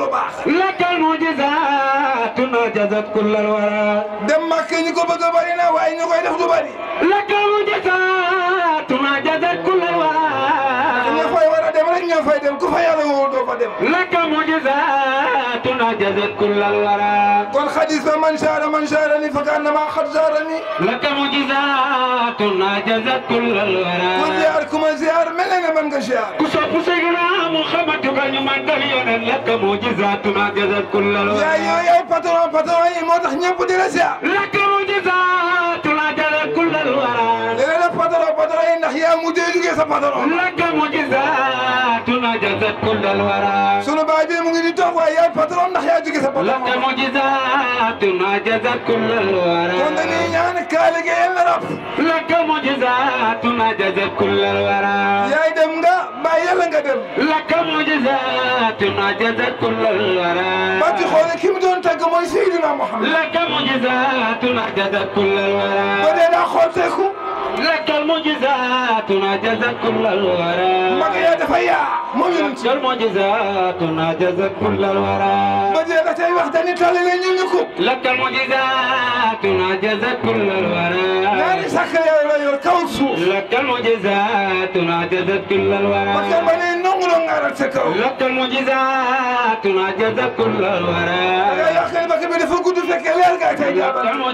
loolu baax lakkal mujizatuna jazat kullal wara dem màkk ñu ko a bari na waaye ñu koy def du bari lakkal mujizatuna jazat kullal wara a dem rek ñoo fay dem ku fa yàlla حديث من جار من جارني فكانما حد جارني لك معجزات اجازت كل الورى وزياركم زيار من انا من زيار كسوف سيغنا محمد كان من دليل لك معجزات اجازت كل الورى يا يا يا باترون باترون اي موتخ نيب دي لا زيار لك معجزات اجازت كل الورى لك معجزات اجازت كل الورى patron ndax yaa jóge sa bopp. laka mujizaatuna jazat kull alwara. kon dañuy ñaan kaa liggéeyal la rab. laka mujizaatuna jazat kull alwara. yaay dem nga mbaa yàlla nga dem. laka mujizaatuna jazat kull alwara. bati xool ki mu doon tàgg mooy Seydina Mouhamed. laka mujizaatuna jazat kull alwara. ba dee daa xool teeku. لك المعجزات نجزت كل الورى ما يا دفيا لك المعجزات نجزت كل الورى ما يا دفيا وحدني تالي لنجلكم لك المعجزات نجزت كل الورى ناري سكر يا ريور كوسو لك المعجزات نجزت كل الورى ما كمان نغلو نغرت سكو لك المعجزات نجزت كل الورى bi dafa gudd fekk leer nga tey jaabal bu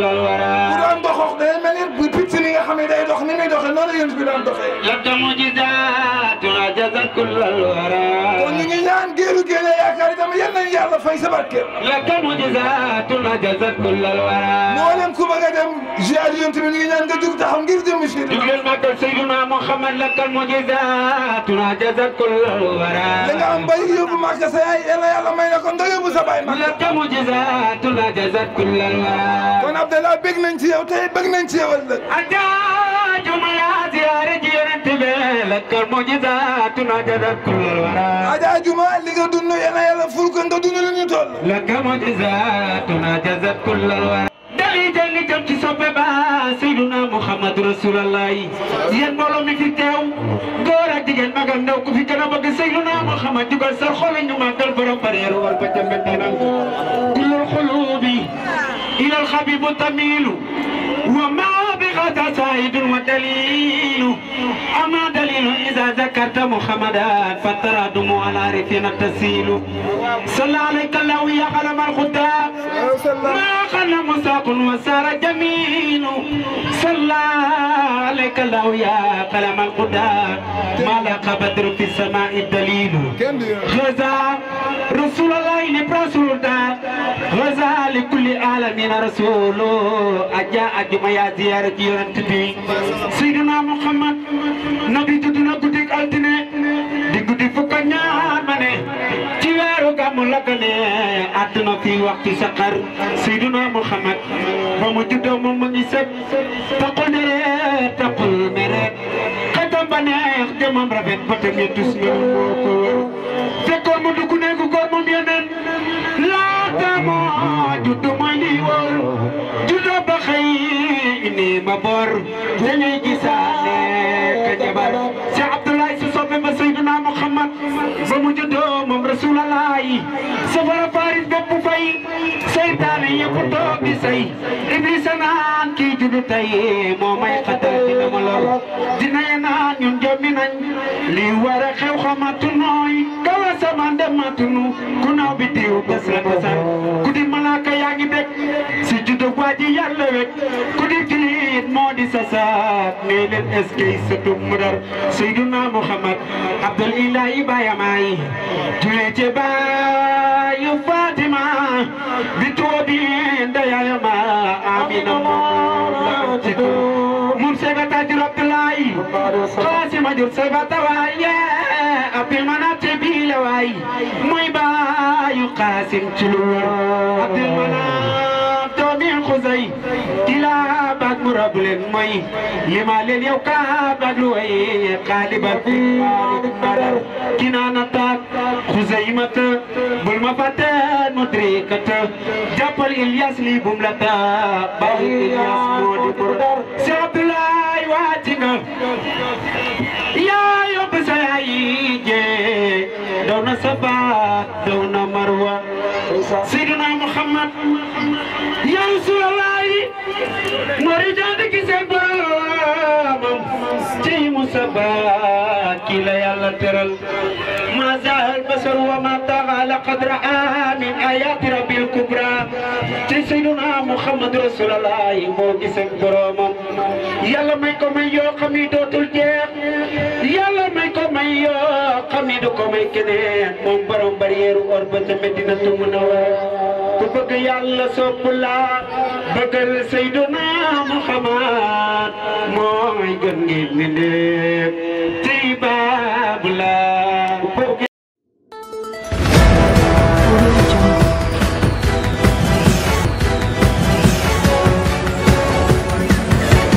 daan doxox day mel ni bu picc mi nga xam ne day dox ni muy doxee noonu la yéen bi daan doxee kon ñu ngi ñaan géeru géele yaakaar itam yal nañu yàlla fay sa barke moo leen ku bëgg a dem ziar yéen tamit ñu ngi ñaan nga jug taxaw ngir jëm si màggal Seydina Muhammad lakal mu'jizatuna jazat kull wara li nga am bay yóbbu màggal sa yaay yàlla yàlla may na ko nga yóbbu sa baay ma lakal mu'jizatuna jazat kull wara kon Abdallah bëgg nañ ci yow tey bëgg nañ ci yow ëllëg lakal mu'jizatuna jazat kull wara Adja Juma li nga dund yàlla yàlla ful ko nga dund li ñu toll lakal mu'jizatuna jazat kull wara dañuy jël li jëm ci soppe ba Seyduna Muhammad mi fi teew góor ak jigéen mag ak ku fi gën a bëgg Seyduna Muhammad jugal sa xol ñu màggal borom bareeru wal ba jëmbe xulubi ilal xabibu tamilu wa ma bi xata saidun wa dalil منه إذا ذكرت محمدا فترى دموع العارفين تسيل صلى عليك الله يا قلم الخطاب ما قل مساق وسار جميل صلى عليك الله يا قلم الخطاب ما لك بدر في السماء الدليل غزا li kulli a rasulu ajja ajuma yaa ziyaara ci yonent bi Seydina Muhammad nabi judd na guddik altine di guddi fukk ak ñaar ma ne ci weeru gàmmu la gane àdduna fii waxtu saqar Seydina Muhammad ba mu juddoo moom mu ngi sëb taqul mere taqul mere xetam ba neex jëmam rafet ba tamit tus nga ko ma judd mooy li wóor juddoo ba xëy ni ma bor dañuy gisaane ka jabar si Abdoulaye si soppe ba Seydina Muhammad ba mu juddoo moom Rasulalaay safara faris bépp fay seytaane yëpp toog di say Iblisa naan kii judd tey moo may xatal dina ma lor dina ye naan ñun jommi nañ li war a xew xamatu nooy matunu ku naaw bi diw bés la ku di malaaka yaa ngi bég si juddu waa ji yàlla ku di julit moo sasaat ngay leen eskay sëtu mudar Seyduna Muhammad Abdul Ilahi bayamay julee ci baayu Fatima bi toobi ndayayama Amina moom la ci mum seega taji rabbilaayi jur sabata waaye abdul manaat biila waaye muy baayu qaasim culur abdul manaat doomi xusay dilaa baag mu rabu leen mooy lima leen yow kaa baag lu way qaaliba badar kinaana taag xusay mata bul ma fateen mudrikata jàppal Ilyas lii bum la taa baayu Ilyas moo di burdar si abdulaay waati nga daw na Safa daw na Marwa Seydina Muhammad ya Rasulallahi mori jaante ki seen boromam ci Musaba ki la Yàlla teral ma zahal basar wa ma taala qad raa min ayati rabbil ci Seydina Muhammad Rasulullah moo gis ak boromam yàlla may ko may yoo xam ni dootul jeex yàlla may ko may yoo xam ni du ko may keneen moom borom barrière or ba ca Medinatu Munawwara ku bëgg yàlla sopp la bëggal Seydina Muhammad mooy